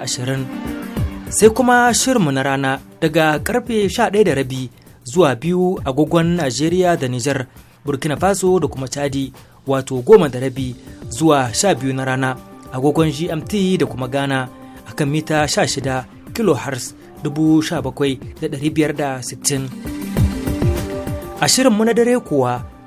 ashirin sai kuma shirmu na rana daga karfe rabi zuwa biyu agogon Najeriya da Nijar Burkina Faso da kuma Chadi wato goma da rabi zuwa sha biyu na rana agogon GMT da kuma Ghana a kan mita 16 kHz 17,560 A mu na dare kuwa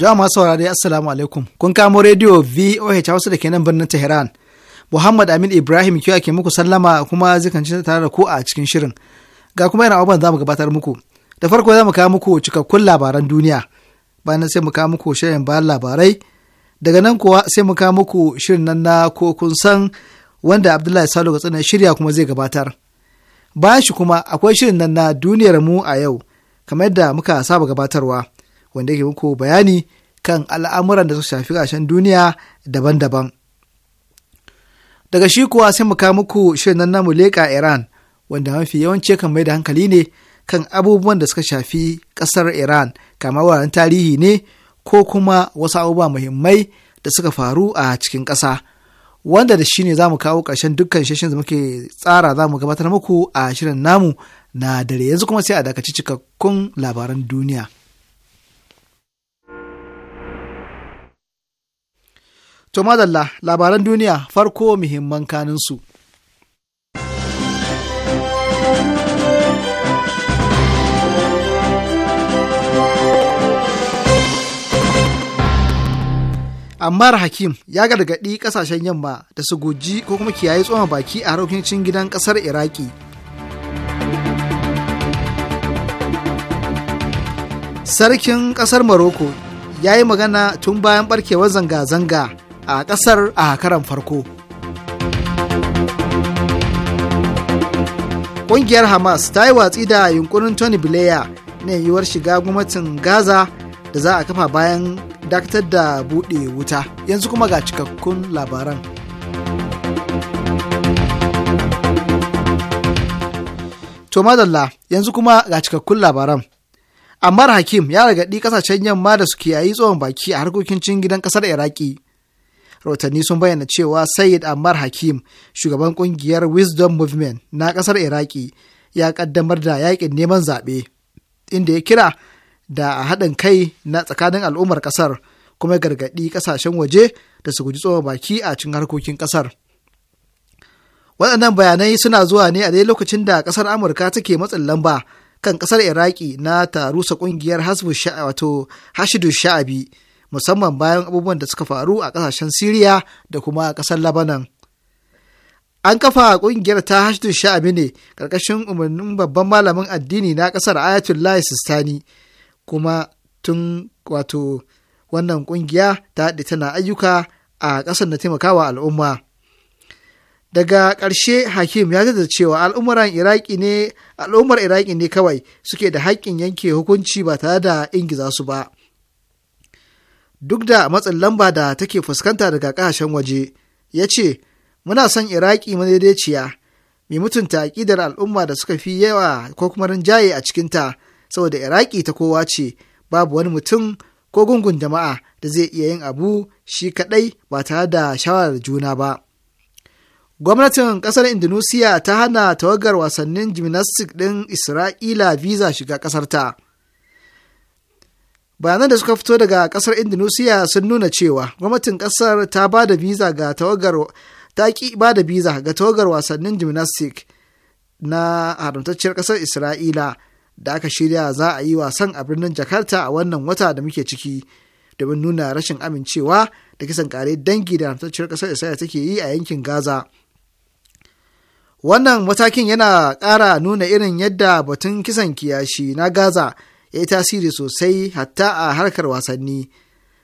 Jama'a masu saurare Assalamu alaikum. Kun kamo rediyo VOH Hausa da ke nan birnin Tehran. Muhammad Amin Ibrahim kiwa ke muku sallama kuma zikanci tare da ku a cikin shirin. Ga kuma yana abubuwan za mu gabatar muku. Da farko za mu kawo muku cikakkun labaran duniya. Bayan sai mu kawo muku shirin bayan labarai. Daga nan kuwa sai mu kawo muku shirin nan na ko kun san wanda Abdullahi Salo gatsina ya shirya kuma zai gabatar. Bayan shi kuma akwai shirin nan na duniyar mu a yau. Kamar yadda muka saba gabatarwa. wanda yake muku bayani kan al'amuran da suka shafi ƙarshen duniya daban-daban. Daga shi kuwa sai mu kawo muku shirin nan namu leƙa Iran wanda mafi yawanci kan mai da hankali ne kan abubuwan da suka shafi ƙasar Iran kama wuraren tarihi ne ko kuma wasu abubuwa muhimmai da suka faru a cikin ƙasa. Wanda da shi ne za mu kawo ƙarshen dukkan shashin da muke tsara za mu gabatar muku a shirin namu na dare yanzu kuma sai a dakaci cikakkun labaran duniya. To madalla labaran duniya farko muhimman kaninsu. Ammar Hakim ya gargaɗi ƙasashen yamma da su guji ko kuma kiyaye tsoma baki a harkokin gidan ƙasar Iraki. Sarkin ƙasar Maroko ya yi magana tun bayan ɓarkewar zanga-zanga a ƙasar a karan farko. Ƙungiyar Hamas ta yi watsi da yunkurin Tony Blair na yiwuwar shiga gwamnatin Gaza da za a kafa bayan dakatar da buɗe wuta. Yanzu kuma ga cikakkun labaran. To madalla yanzu kuma ga cikakkun labaran. Ammar Hakim ya ragaɗi ƙasashen yamma da su kiyayi tsohon baki a harkokin cin gidan ƙasar Iraki rahotanni sun bayyana cewa Sayyid Ammar Hakim, shugaban kungiyar Wisdom Movement na kasar Iraki, ya kaddamar da yakin neman zaɓe, inda ya kira da a haɗin kai na tsakanin al'ummar ƙasar kuma gargaɗi ƙasashen waje da su guji tsoma baki a cikin harkokin ƙasar. Waɗannan bayanai suna zuwa ne a dai lokacin da ƙasar Amurka take matsin lamba kan ƙasar Iraki na ta rusa ƙungiyar Hasbu wato Hashidu Sha'abi. musamman bayan abubuwan da suka faru a ƙasashen Siriya da kuma a ƙasar Labanan. An kafa ƙungiyar ta hashtun sha'abi ne ƙarƙashin umarnin babban malamin addini na ƙasar Ayatollah Sistani kuma tun wato wannan ƙungiya ta haɗe tana ayyuka a ƙasar na taimakawa al'umma. daga ƙarshe hakim ya zata cewa al'ummar iraki ne al'ummar iraki ne kawai suke da haƙƙin yanke hukunci ba tare da ingiza su ba duk da matsin lamba da take fuskanta daga ƙasashen waje ya ce muna son iraki madaidaiciya mai mutunta aƙidar al'umma da suka fi yawa ko kuma rinjaye a cikinta saboda iraki ta kowa ce babu wani mutum ko gungun jama'a da zai iya yin abu shi kaɗai ba tare da shawarar juna ba gwamnatin ƙasar indonesia ta hana tawagar wasannin gymnastics ɗin isra'ila visa shiga ƙasarta. ta bayanan da suka fito daga kasar indonesia sun nuna cewa gwamnatin kasar ta ba da biza ga tawagar ta ki ba da biza ga tawagar wasannin gymnastic na haramtacciyar kasar isra'ila da aka shirya za a yi wasan a birnin jakarta a wannan wata da muke ciki domin nuna rashin amincewa da kisan kare dangi da haramtacciyar kasar isra'ila take yi a yankin gaza wannan matakin yana ƙara nuna irin yadda batun kisan kiyashi na gaza ya yi tasiri sosai hatta a harkar wasanni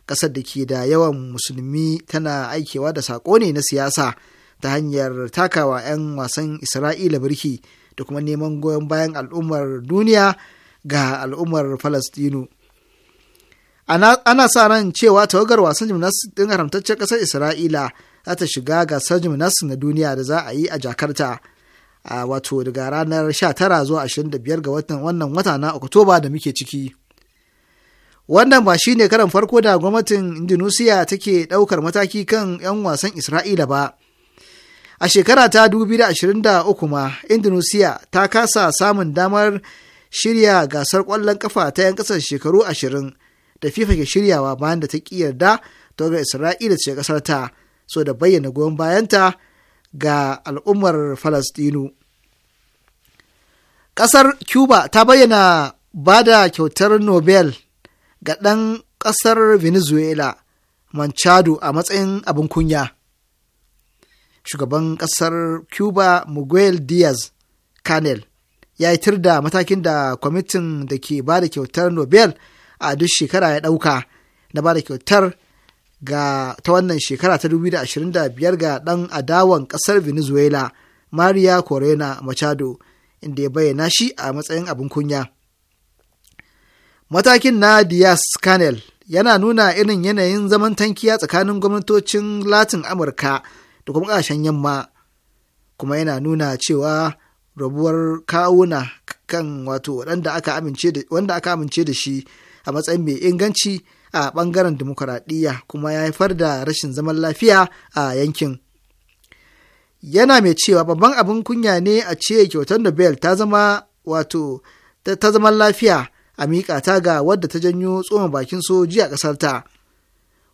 ƙasar da ke da yawan musulmi tana aikewa da saƙo ne na siyasa ta hanyar takawa 'yan wasan isra'ila birki da kuma neman goyon bayan al'ummar duniya ga al'ummar falastinu ana sa ran cewa tawagar wasan jimnas ɗin haramtaccen ƙasar isra'ila za ta shiga gasar jimnas na duniya da za a yi a jakarta a wato daga ranar 19 zuwa 25 ga watan wannan wata na Oktoba da muke ciki. Wannan ba shi ne karan farko da gwamnatin Indonesia take ɗaukar mataki kan 'yan wasan Isra'ila ba. A shekara ta 2023 ma, Indonesia ta kasa samun damar shirya gasar ƙwallon kafa ta 'yan kasar shekaru 20 da FIFA ke shiryawa bayan da ta ƙi yarda ta Isra'ila ce kasar ta, so da bayyana goyon bayanta ga al'ummar Falastinu. Ƙasar Cuba ta bayyana ba da kyautar Nobel ga ɗan ƙasar Venezuela, Manchado a matsayin abin kunya. Shugaban ƙasar Cuba Miguel Diaz Canel ya yi da matakin da kwamitin da ke ba da kyautar Nobel a duk shekara ya ɗauka na ba da kyautar ga ta wannan shekara ta 2025 ga ɗan adawan ƙasar Venezuela, Maria Corena Machado, inda ya bayyana shi a matsayin abin kunya. Matakin na Diaz Canel yana nuna irin yanayin zaman tankiya tsakanin gwamnatocin Latin Amurka da kuma ƙasashen yamma, kuma yana nuna cewa rabuwar kawuna kan wato wanda aka amince da shi a matsayin mai inganci a ɓangaren dimokuraɗiyya kuma ya haifar da rashin zaman lafiya a yankin. Yana mai cewa babban abin kunya ne a ce kyautar Nobel ta zama wato ta zaman lafiya a miƙa ta ga wadda ta janyo tsohon bakin soji a ƙasarta.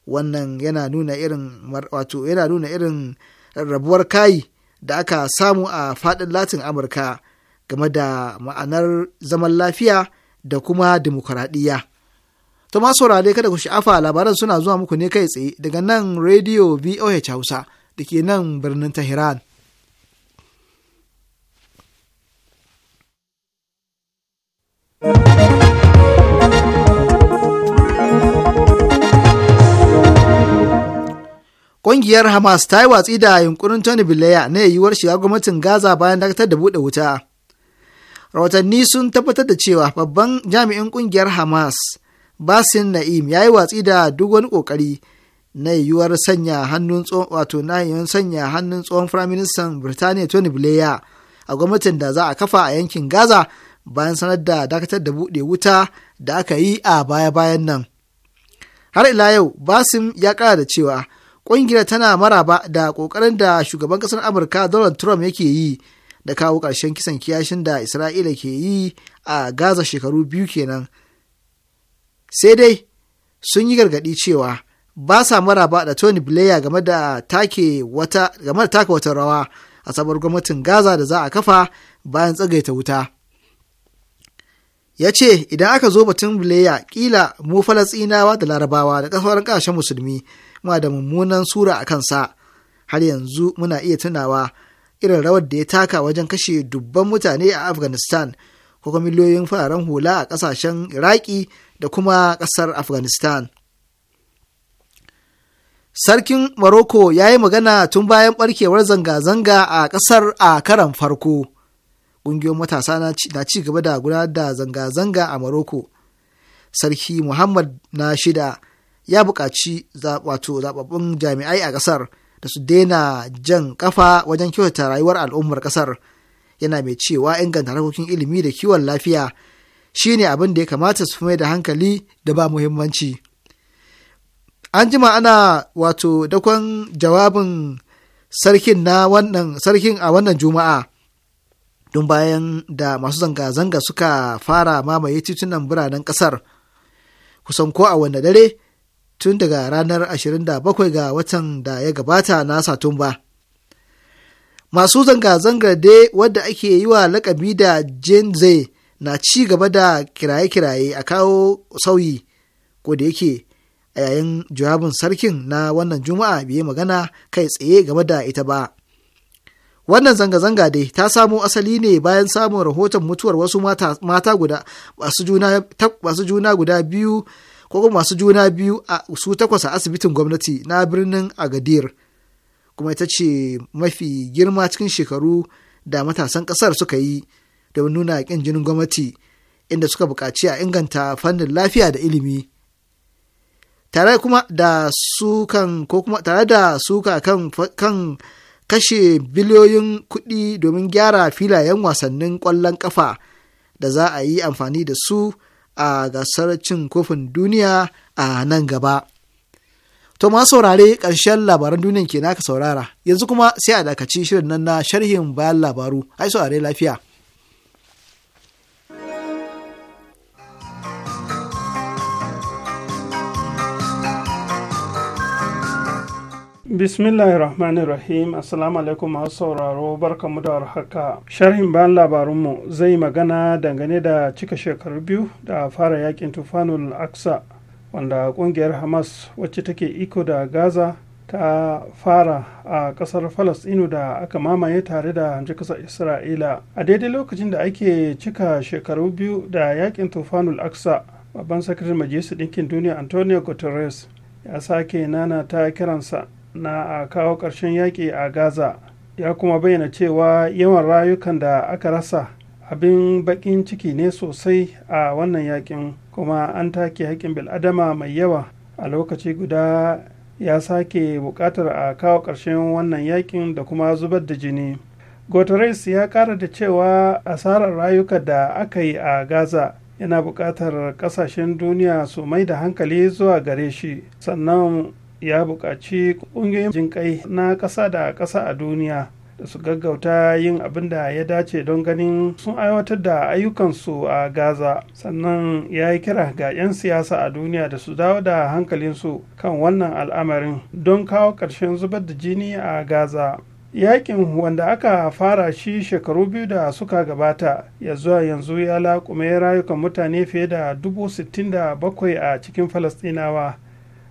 Wannan yana nuna irin wato yana nuna irin rabuwar kai da aka samu a faɗin Latin Amurka game da ma'anar zaman lafiya da kuma dimokuraɗiyya. To ma saurare kada ku sha'afa labaran suna zuwa muku ne kai tsaye daga nan Radio VOH Hausa da ke nan birnin Tehran. Ƙungiyar Hamas ta yi watsi da yunkurin Tony Blair na yiwuwar shiga gwamnatin Gaza bayan dakatar da buɗe wuta. Rahotanni sun tabbatar da cewa babban jami'in ƙungiyar Hamas basin na'im ya yi watsi da duk wani ƙoƙari na yiwuwar sanya hannun tsohon wato na yiwuwar sanya hannun tsohon firaministan birtaniya tony blair a gwamnatin da za a kafa a yankin gaza bayan sanar da dakatar da buɗe wuta da aka yi a baya-bayan nan har ila yau basim ya kara da cewa ƙungiyar tana maraba da ƙoƙarin da shugaban ƙasar amurka donald trump yake yi da kawo ƙarshen kisan kiyashin da isra'ila ke yi a gaza shekaru biyu kenan sai dai sun yi gargaɗi cewa ba sa maraba da Tony Blair game da take wata game da taka wata rawa a sabar gwamnatin Gaza da za a kafa bayan tsagaita wuta. Ya ce idan aka zo batun Blair kila mu Falasɗinawa da Larabawa da kasuwar ƙasashen musulmi muna da mummunan sura a kansa har yanzu muna iya tunawa irin rawar da ya taka wajen kashe dubban mutane a Afghanistan ko miliyoyin fararen hula a ƙasashen Iraki da kuma ƙasar afghanistan sarkin Morocco ya yi magana tun bayan barkewar zanga-zanga a ƙasar a karan farko. Ƙungiyoyin matasa na ci gaba da gudanar da zanga-zanga a Morocco. Sarki Muhammad na shida ya buƙaci wato zababbun jami'ai a ƙasar da su daina jan ƙafa wajen kyautata rayuwar al'ummar ƙasar. Yana mai cewa inganta harkokin ilimi da kiwon lafiya Shi ne abin da ya kamata su mai da hankali da ba muhimmanci an jima ana wato dakon jawabin sarkin na wannan sarkin a wannan juma'a don bayan da masu zanga-zanga suka fara mamaye titunan biranen kasar kusan ko a wanda dare tun daga ranar 27 ga watan da ya gabata na satumba masu zanga zanga dai wadda ake yi wa lakabi da jenze na ci gaba da kiraye-kiraye a kawo sauyi ko da yake a yayin jawabin sarkin na wannan juma'a bai magana kai tsaye game da ita ba wannan zanga-zanga dai ta samo asali ne bayan samun rahoton mutuwar wasu mata, mata guda masu juna, juna guda biyu ko kuma masu juna biyu a su takwas a asibitin gwamnati na birnin agadir kuma ita ce mafi girma cikin shekaru da matasan ƙasar suka yi da nuna ƙin jinin gwamnati inda suka buƙaci a inganta fannin lafiya da ilimi tare kuma da kan ko kuma tare da suka kan, kashe biliyoyin kuɗi domin gyara filayen wasannin ƙwallon ƙafa da za a yi amfani da su a gasar cin kofin duniya a nan gaba. To ma saurare ƙarshen labaran duniya ke naka saurara, yanzu kuma sai a dakaci shirin nan na sharhin bayan labaru, ai saurare lafiya. Bismillahi Rahmanir Rahim Assalamu alaikum masu sauraro barkamu da haka. Sharhin bayan labarunmu zai magana dangane da cika shekaru biyu da fara yakin tufanul Aksa wanda kungiyar Hamas wacce take iko da Gaza ta fara a kasar Falasinu da aka mamaye tare da hamji kasar Isra'ila. A daidai lokacin da ake cika shekaru biyu da yakin tufanul Aksa babban sakirin majalisar ɗinkin duniya Antonio Guterres ya sake nana ta kiransa na kawo ƙarshen yaƙi a gaza ya kuma bayyana cewa yawan rayukan da aka rasa abin baƙin ciki ne sosai a wannan yaƙin kuma an take haƙƙin bil'adama mai yawa a lokaci guda ya sake buƙatar a kawo ƙarshen wannan yaƙin da kuma zubar da jini guterres ya ƙara da cewa asarar rayuka da aka yi a gaza yana buƙatar ƙasashen duniya su mai da hankali zuwa gare shi sannan ya buƙaci ƙungiyoyin jinƙai na ƙasa da ƙasa a duniya da su gaggauta yin abin da ya dace don ganin sun aiwatar da ayyukansu a gaza sannan ya yi kira ga 'yan siyasa a duniya da su dawo da hankalinsu kan wannan al'amarin don kawo ƙarshen zubar da jini a gaza yakin wanda aka fara shi shekaru biyu da suka gabata ya zuwa yanzu ya laƙume rayukan mutane fiye da dubu sittin da bakwai a cikin falastinawa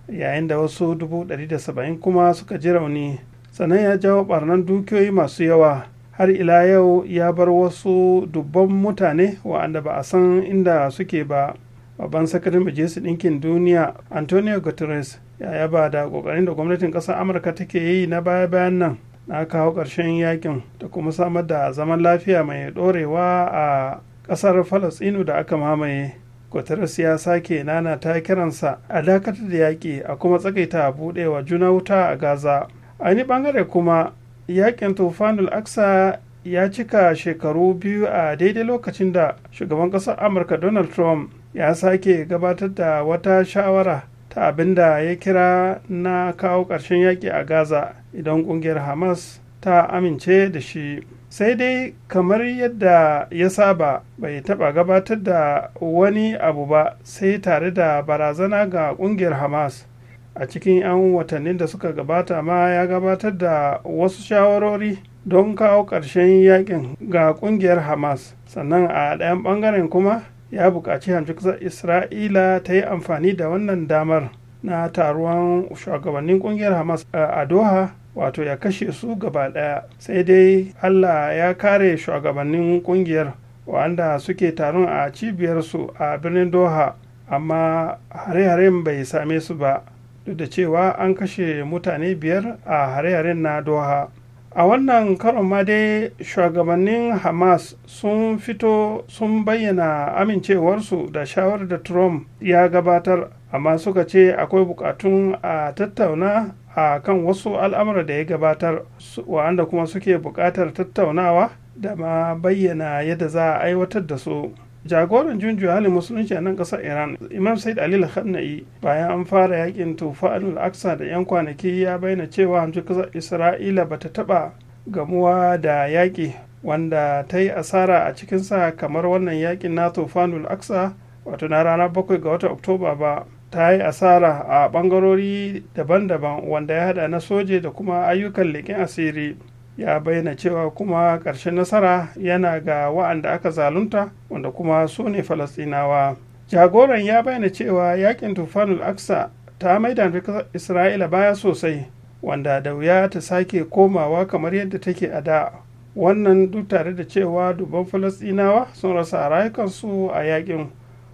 yayin da wasu 170 kuma suka ji rauni sannan ya jawo barnan dukiyoyi masu yawa har ila yau ya bar wasu dubban mutane wa'anda ba a san inda suke ba babban sakarin majalisar ɗinkin duniya antonio guterres ya yaba da ƙoƙarin da gwamnatin ƙasar amurka take yi na baya-bayan nan na kawo ƙarshen yakin da kuma samar da zaman lafiya mai ɗorewa a ƙasar falasɗinu da aka mamaye Guterres ya sake nana ta kiransa a dakatar da yaƙi a kuma tsakaita buɗewa juna wuta a Gaza. A ni ɓangare kuma yaƙin tufanul aksa ya cika shekaru biyu a daidai lokacin da shugaban ƙasar Amurka Donald Trump ya sake gabatar da wata shawara ta abin da ya kira na kawo ƙarshen yaƙi a Gaza idan ƙungiyar Hamas ta amince da shi. sai dai kamar yadda ya saba bai taɓa gabatar da wani abu ba sai tare da barazana ga ƙungiyar hamas a cikin 'yan watannin da suka gabata ma ya gabatar da wasu shawarori don kawo ƙarshen yakin ga ƙungiyar hamas sannan a ɗayan ɓangaren kuma ya buƙaci hamshiksar isra'ila ta yi amfani da wannan damar na taruwan shugabannin ƙungiyar hamas eh, a doha wato ya kashe su gaba ɗaya sai dai allah ya kare shugabannin kungiyar wanda suke taron a cibiyarsu a birnin doha amma hare-haren bai same su ba duk da cewa an kashe mutane biyar a hare-haren na doha a wannan karon ma dai shugabannin hamas sun fito sun bayyana amincewarsu da shawarar da trump ya gabatar amma suka ce akwai bukatun a tattauna a kan wasu al'amura da ya gabatar wa'anda kuma suke buƙatar tattaunawa da ma bayyana yadda za a aiwatar da su jagoran junju halin musulunci a nan ƙasar iran imam said ali khanai bayan an fara yakin tufa al-aqsa da yan kwanaki ya bayyana cewa hamsin ƙasar isra'ila bata taɓa gamuwa da yaƙi wanda ta yi asara a cikinsa kamar wannan yakin na tufanul aksa wato na ranar 7 ga watan oktoba ba ta yi asara a ɓangarori daban-daban wanda ya hada na soje da kuma ayyukan leƙen asiri ya bayyana cewa kuma ƙarshen nasara yana ga wa'anda aka zalunta wanda kuma su ne falastinawa jagoran ya bayyana cewa yakin tufanul aksa ta maida isra'ila baya sosai wanda da wuya ta sake komawa kamar yadda take a da wannan duk tare da cewa dubban falastinawa sun rasa rayukansu a yakin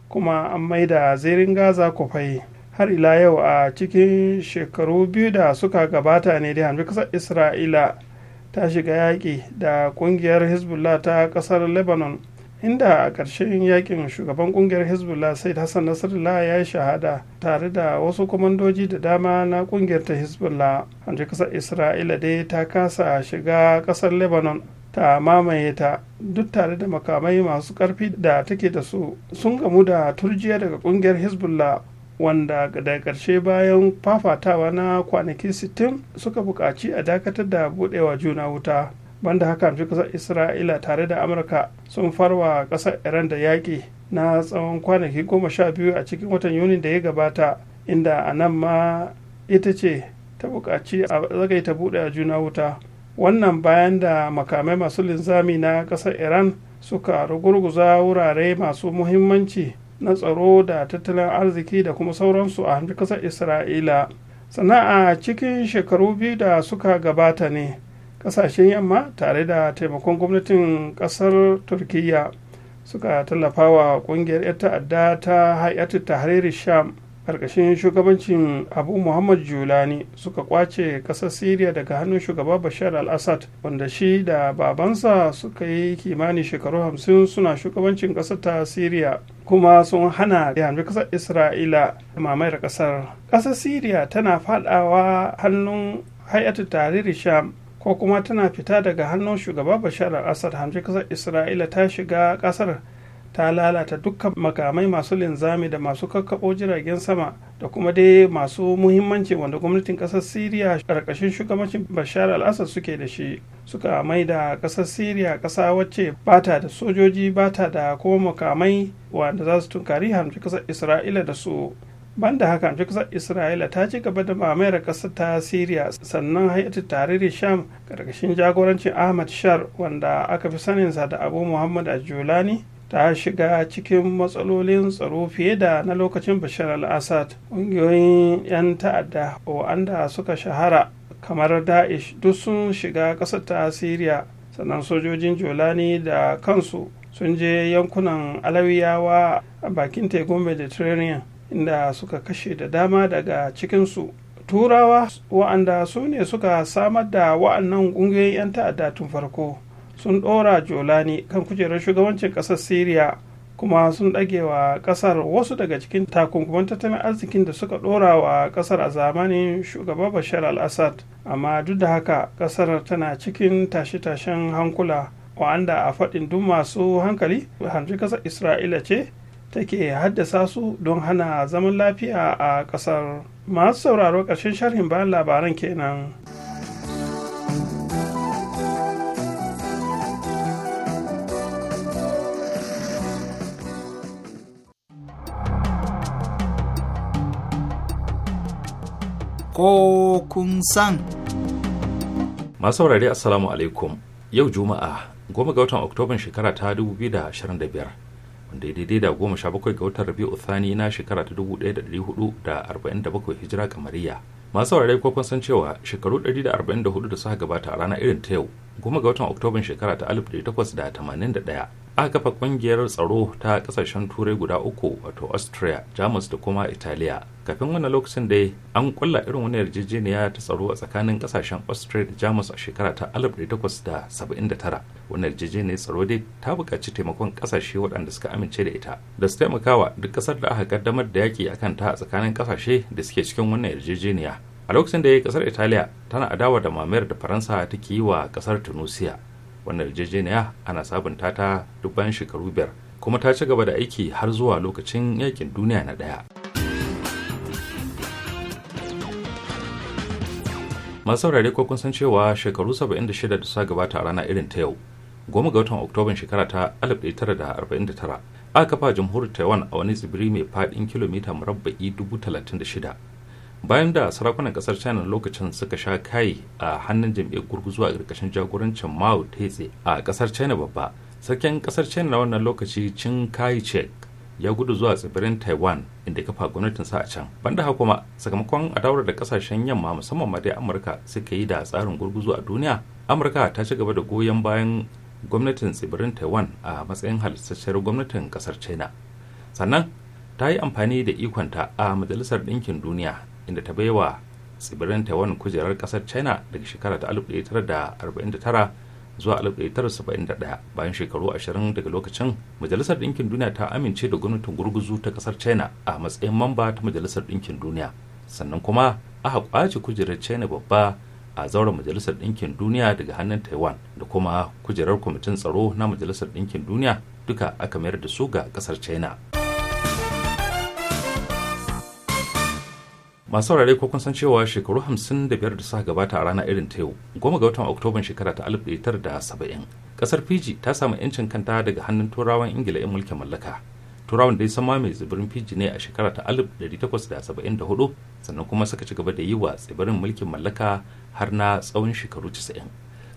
kuma an maida zirin gaza kufai har ila yau a cikin shekaru biyu da suka gabata ne da hamdu kasar isra'ila ta shiga yaƙi da ƙungiyar hezbollah ta ƙasar lebanon inda a ƙarshen yakin shugaban ƙungiyar hezbollah sai hassan nasrallah ya shahada tare da wasu kwamandoji da dama na ƙungiyar ta hezbollah hamdu kasar isra'ila dai ta kasa shiga ƙasar lebanon ta mamaye ta duk tare da makamai masu karfi da take da su sun gamu da turjiya daga kungiyar hezbollah wanda da ƙarshe bayan fafatawa na kwanaki 60 suka buƙaci a dakatar da buɗewa juna wuta banda haka amshi ƙasar isra'ila tare da amurka sun farwa ƙasar iran da yaƙi na tsawon kwanaki goma sha biyu a cikin watan yuni da ya gabata inda a nan ma ita ce ta buƙaci a zagaita buɗe a juna wuta wannan bayan da makamai masu linzami na kasar iran suka rugurguza wurare masu muhimmanci na tsaro da tattalin arziki da kuma sauransu a hannun kasar isra'ila sana'a cikin shekaru biyu da suka gabata ne kasashen yamma tare da taimakon gwamnatin ƙasar turkiyya suka tallafa wa ƙungiyar 'yan ta'adda ta hayatu tahrir sham karkashin shugabancin abu muhammad julani suka kwace ƙasar syria daga hannun shugaba bashar al-assad wanda shi da babansa suka yi kimanin shekaru hamsin suna shugabancin ƙasar ta syria kuma sun hana yanzu kasar isra'ila mamayar ƙasar ƙasar syria tana faɗawa hannun hayatu tarihi sham ko kuma tana fita daga hannun shugaba bashar al-assad hamshi ƙasar isra'ila ta shiga ƙasar ta lalata dukkan makamai masu linzami da masu kakkaɓo jiragen sama da kuma dai masu muhimmanci wanda gwamnatin ƙasar siriya ƙarƙashin shugabancin bashar al-assad suke da shi suka mai da ƙasar siriya ƙasa wacce bata da sojoji bata da kuma makamai wanda za su tunkari hamci ƙasar isra'ila da su banda haka amshi kasar isra'ila ta ci gaba da mamayar ƙasar ta siriya sannan hayatu tarihi sham karkashin jagorancin ahmad shar wanda aka fi saninsa da abu muhammad ajulani ta shiga cikin matsalolin tsaro fiye da na lokacin bashar al-assad ƙungiyoyin 'yan ta'adda wa'anda suka shahara kamar da'ish duk sun shiga ƙasar ta syria sannan sojojin jolani da kansu sun je yankunan alawiyawa a bakin tekun mediterranean inda suka kashe da dama daga cikinsu turawa wa'anda su ne suka samar da wa'annan ƙungiyoyin 'yan ta'adda tun farko sun ɗora jolani kan kujerar shugabancin ƙasar syria kuma sun ɗage wa ƙasar wasu daga cikin takunkuman tattalin arzikin da suka ɗora wa ƙasar a zamanin shugaba bashar al-assad amma duk da haka ƙasar tana cikin tashe-tashen hankula wanda a faɗin duk masu hankali hanji ƙasar isra'ila ce take haddasa su don hana zaman lafiya a ƙasar masu sauraro ƙarshen sharhin bayan labaran kenan. ko kun san. Masu wurare Assalamu alaikum yau Juma'a goma ga watan Oktoban shekara ta 2025 wanda ya daidai da goma sha bakwai ga watan Rabi'u Thani na shekara ta 1447 hijira kamariya. Masu wurare ko kun san cewa shekaru 144 da suka gabata a rana irin ta yau goma ga watan Oktoban shekara ta 1881 aka kafa kungiyar tsaro ta kasashen turai guda uku wato austria jamus da kuma italiya kafin wannan lokacin dai an kulla irin wani yarjejeniya ta tsaro a tsakanin kasashen austria da jamus a shekara ta 1879 wani yarjejeniyar tsaro dai ta bukaci taimakon kasashe waɗanda suka amince da ita da su taimakawa duk ƙasar da aka kaddamar da yaƙi akan ta a tsakanin kasashe da suke cikin wannan yarjejeniya a lokacin da ya kasar italiya tana adawa da mamayar da faransa take yi wa kasar tunisia wannan yarjejeniya ana sabunta ta duk bayan shekaru biyar kuma ta ci gaba da aiki har zuwa lokacin yakin duniya na ɗaya. masu saurare ko kun san cewa shekaru 76 da suka gabata a rana irin ta yau goma ga watan oktoban shekara ta 1949 aka kafa jamhuriyar taiwan a wani tsibiri mai faɗin kilomita murabba'i 36 bayan da sarakunan kasar china lokacin suka sha kai a hannun jam'iyyar gurguzu a ƙarƙashin jagorancin mao tse a kasar china babba sarkin kasar china na wannan lokaci cin kai chek ya gudu zuwa tsibirin taiwan inda kafa gwamnatinsa a can banda haka kuma sakamakon adawar da kasashen yamma musamman ma dai amurka suka yi da tsarin gurguzu a duniya amurka ta ci gaba da goyon bayan gwamnatin tsibirin taiwan a matsayin halittacciyar gwamnatin kasar china sannan ta yi amfani da ikonta a majalisar ɗinkin duniya inda ta baiwa tsibirin taiwan kujerar kasar china daga shekara ta 1949 zuwa 1971 bayan shekaru 20 daga lokacin majalisar ɗinkin duniya ta amince da gwamnatin gurguzu ta kasar china a matsayin mamba ta majalisar ɗinkin duniya sannan kuma aka kwace kujerar china babba a zauren majalisar ɗinkin duniya daga hannun taiwan da kuma kujerar kwamitin tsaro na majalisar ɗinkin duniya duka aka mayar da su ga kasar china. masu saurare ko kun san cewa shekaru 55 da suka gabata a rana irin ta yau goma ga watan oktoban shekara ta 1970 kasar fiji ta samu yancin kanta daga hannun turawan ingila 'yan mulkin mallaka turawan da ya sama mai tsibirin fiji ne a shekara ta 1874 sannan kuma suka ci gaba da yi wa tsibirin mulkin mallaka har na tsawon shekaru 90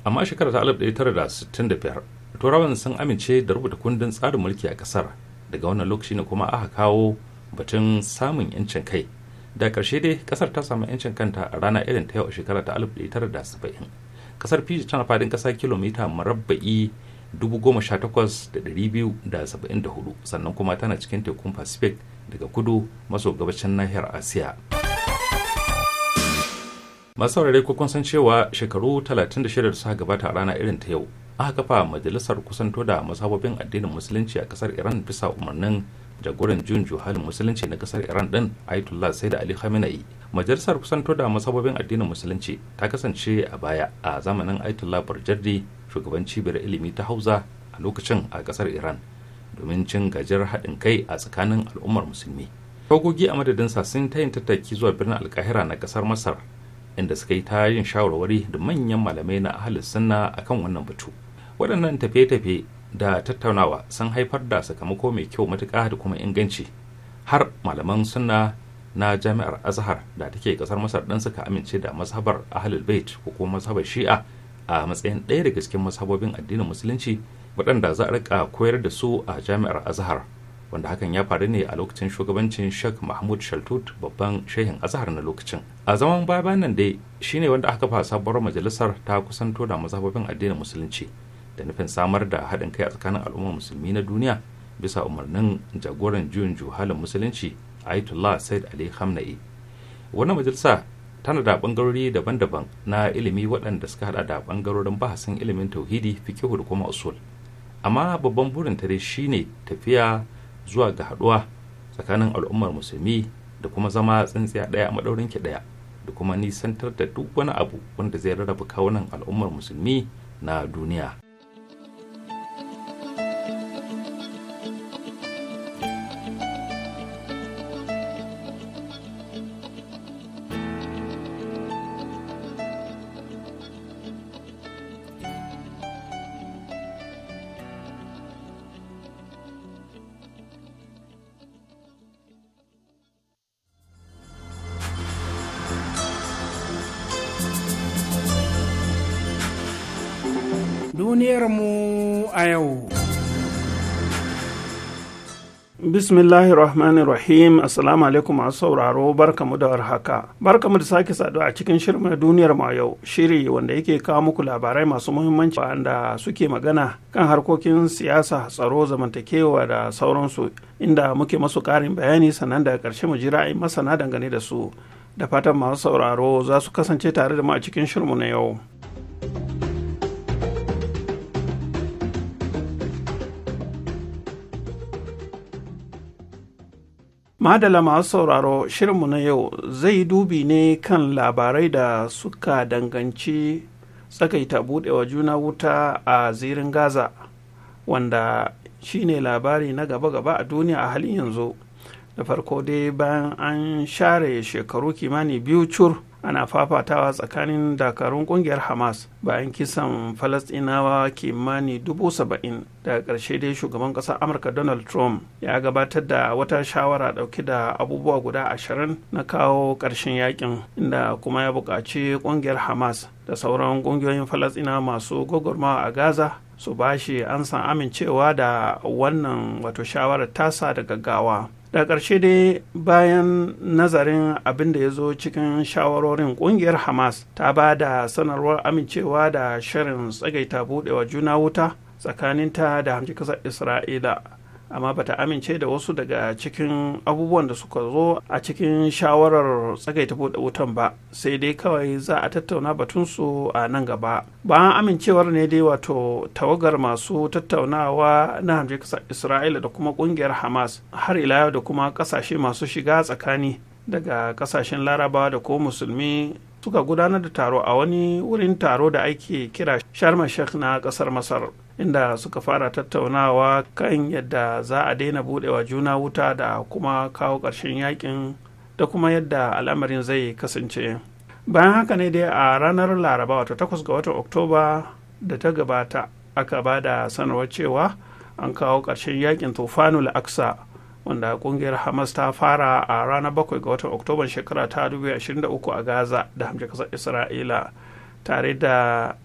amma a shekara ta 1965 turawan sun amince da rubuta kundin tsarin mulki a kasar daga wannan lokaci ne kuma aka kawo batun samun yancin kai da ƙarshe dai kasar ta samu 'yancin kanta a rana irin ta yau a shekara ta 1970 kasar fiji tana fadin ƙasa kilomita marabba'i 18,274 sannan kuma tana cikin tekun pacific daga kudu maso gabashin nahiyar asiya masu saurare kun san cewa shekaru 36 da suka gabata a rana irin ta yau aka kafa majalisar kusanto da masababin addinin musulunci a kasar iran bisa umarnin jagoran juyin juhalin musulunci na kasar iran din ayatollah sai da ali khamenei majalisar kusanto da masababin addinin musulunci ta kasance a baya a zamanin ayatollah burjardi shugaban cibiyar ilimi ta hauza a lokacin a kasar iran domin cin gajiyar haɗin kai a tsakanin al'ummar musulmi togogi a madadinsa sun ta yin tattaki zuwa birnin alkahira na kasar masar inda suka yi ta yin shawarwari da manyan malamai na ahalin sunna akan wannan batu waɗannan tafiye-tafiye da tattaunawa sun haifar da sakamako mai kyau matuƙa da kuma inganci har malaman sunna na jami'ar azhar da take kasar masar ɗin suka amince da mazhabar ahlul bait ko kuma mazhabar shi'a a matsayin ɗaya daga cikin mazhabobin addinin musulunci waɗanda za a rika koyar da su a jami'ar azhar wanda hakan ya faru ne a lokacin shugabancin Sheikh Mahmud Shaltut babban shehin azhar na lokacin. A zaman baya nan dai shine wanda aka fa sabuwar majalisar ta kusanto da mazhabobin addinin musulunci da nufin samar da haɗin kai a tsakanin al'ummar musulmi na duniya bisa umarnin jagoran juyin juhalin musulunci ayatollah said ali khamenei wannan majalisa tana da bangarori daban-daban na ilimi waɗanda suka hada da bangarorin bahasin ilimin tauhidi fikihu da kuma usul amma babban burin ta dai shine tafiya zuwa ga haɗuwa tsakanin al'ummar musulmi da kuma zama tsintsiya ɗaya a madaurin ki ɗaya da kuma nisantar da duk wani abu wanda zai rarraba kawunan al'ummar musulmi na duniya. bismillahir rahmanir rahim assalamu alaikum masu sauraro barkamu da warhaka barkamu da sake saduwa a cikin shirin na duniyar ma yau shiri wanda yake kawo muku labarai masu muhimmanci wanda suke magana kan harkokin siyasa tsaro zamantakewa da sauransu inda muke masu karin bayani sannan daga karshe mu ji ra'ayin masana dangane da su da fatan masu sauraro za su kasance tare da mu a cikin mu na yau. madala masu sauraro shirinmu na yau zai dubi ne kan labarai da suka danganci tsakaita budewa juna wuta a zirin gaza wanda shine labari na gaba-gaba a duniya a halin yanzu da farko dai bayan an share shekaru kimanin biyu cur ana fafatawa tsakanin dakarun kungiyar hamas bayan kisan falastinawa kimani dubu saba'in daga ƙarshe dai shugaban ƙasar amurka donald trump ya gabatar da wata shawara ɗauke da abubuwa guda ashirin na kawo ƙarshen yakin inda kuma ya buƙaci kungiyar hamas da sauran ƙungiyoyin falastina masu gwagwarmawa a gaza su bashi an san amincewa da wannan wato shawarar tasa da gaggawa da ƙarshe dai bayan nazarin abin da ya zo cikin shawarorin ƙungiyar hamas ta ba da sanarwar amincewa da shirin tsagaita buɗewa juna wuta tsakaninta da hamshi ƙasar isra'ila amma bata amince da wasu daga cikin abubuwan da suka zo a cikin shawarar tsagaita bude wutan ba sai dai kawai za a tattauna batunsu a nan gaba bayan amincewar ne dai wato tawagar masu tattaunawa na hamshe isra'ila da kuma ƙungiyar hamas har ila yau da kuma kasashe masu shiga tsakani daga kasashen larabawa da ko musulmi suka gudanar da taro a wani wurin taro da ake kira sharma sheikh na ƙasar masar inda suka fara tattaunawa kan yadda za a daina budewa juna wuta da kuma kawo ƙarshen yakin da kuma yadda al'amarin zai kasance bayan haka ne dai a ranar laraba wato 8 ga watan oktoba da ta gabata aka ba da sanarwar cewa an kawo ƙarshen yakin tufanul aksa wanda kungiyar hamas ta fara a ranar 7 ga watan oktoba shekara ta 2023 a gaza da hamshe kasar isra'ila tare da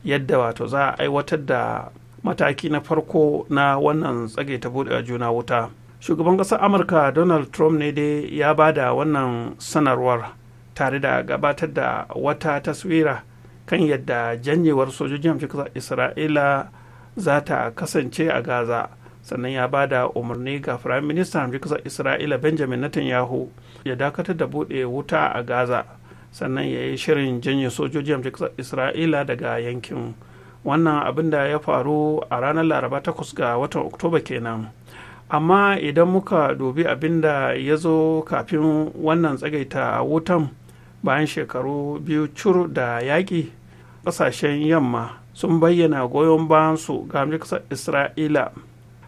yadda wato za a aiwatar da mataki na farko na wannan tsage ta buɗe juna wuta shugaban ƙasar amurka donald trump ne dai ya ba da wannan sanarwar tare da gabatar da wata taswira kan yadda janyewar sojoji hamshin isra'ila za ta kasance a gaza sannan ya ba da umarni ga firayim ministan hamshin isra'ila benjamin netanyahu ya dakatar da bude wuta a gaza sannan ya yi shirin janye sojojin hamshin ƙasar isra'ila daga yankin wannan abin da ya faru a ranar laraba takwas ga watan oktoba kenan amma idan muka dubi abin da ya zo kafin wannan tsagaita a wutan bayan shekaru biyu cur da yaƙi ƙasashen yamma sun bayyana goyon bayansu ga amurka isra'ila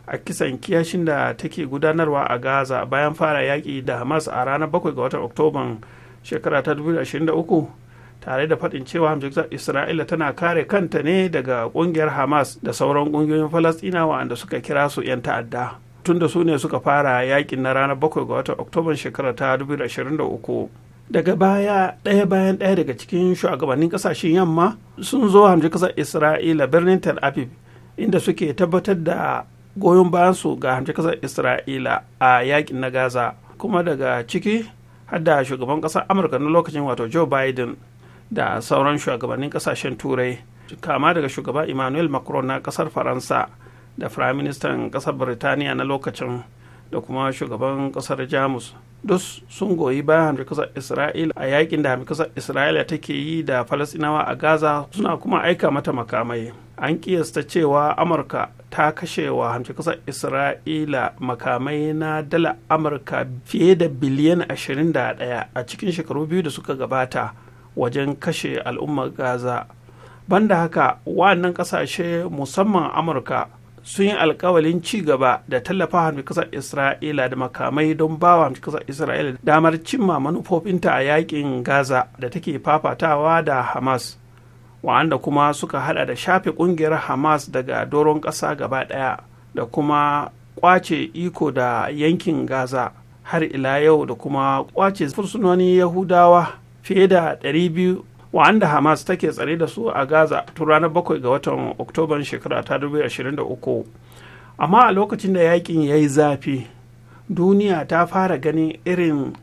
a kisan kiyashin da take gudanarwa a gaza bayan fara yaƙi da hamas a ranar 7 ga watan oktoban shekara ta 2023 tare da faɗin cewa hamsar isra'ila tana kare kanta ne daga ƙungiyar hamas da sauran ƙungiyoyin falastina wanda suka kira su 'yan ta'adda tunda su ne suka fara yakin na ranar 7 ga watan oktoban shekarar ta 2023 daga baya ɗaya bayan ɗaya daga cikin shugabannin ƙasashen yamma sun zo hamji ƙasar isra'ila birnin tel aviv inda suke tabbatar da goyon bayansu ga hamji ƙasar isra'ila a yakin na gaza kuma daga ciki har shugaban ƙasar amurka na lokacin wato joe biden da sauran shugabannin kasashen turai kama daga shugaba emmanuel macron na kasar faransa da firaministan kasar birtaniya na lokacin da kuma shugaban kasar jamus duk sun goyi bayan kasar isra'ila a yakin da kasar isra'ila take yi da falasinawa a gaza suna kuma aika mata makamai an kiyasta cewa amurka ta kashe wa kasar isra'ila makamai na dala amurka fiye da biliyan 21 a cikin shekaru biyu da suka gabata wajen kashe al'ummar gaza banda haka wa'annan kasashe musamman amurka sun yi alkawalin ci gaba da tallafa hannun kasar isra'ila da makamai don bawa wa kasar isra'ila damar cimma manufofinta a yakin gaza da take fafatawa da hamas wa'anda kuma suka hada da shafe kungiyar hamas daga doron kasa gaba daya da kuma kwace iko da yankin gaza har ila yau da kuma kwace fursunoni yahudawa fiye da 200 wa'anda hamas take tsare da su a gaza tun ranar 7 ga watan oktoban shekara ta 2023 amma a lokacin da yakin ya yi zafi duniya ta fara ganin irin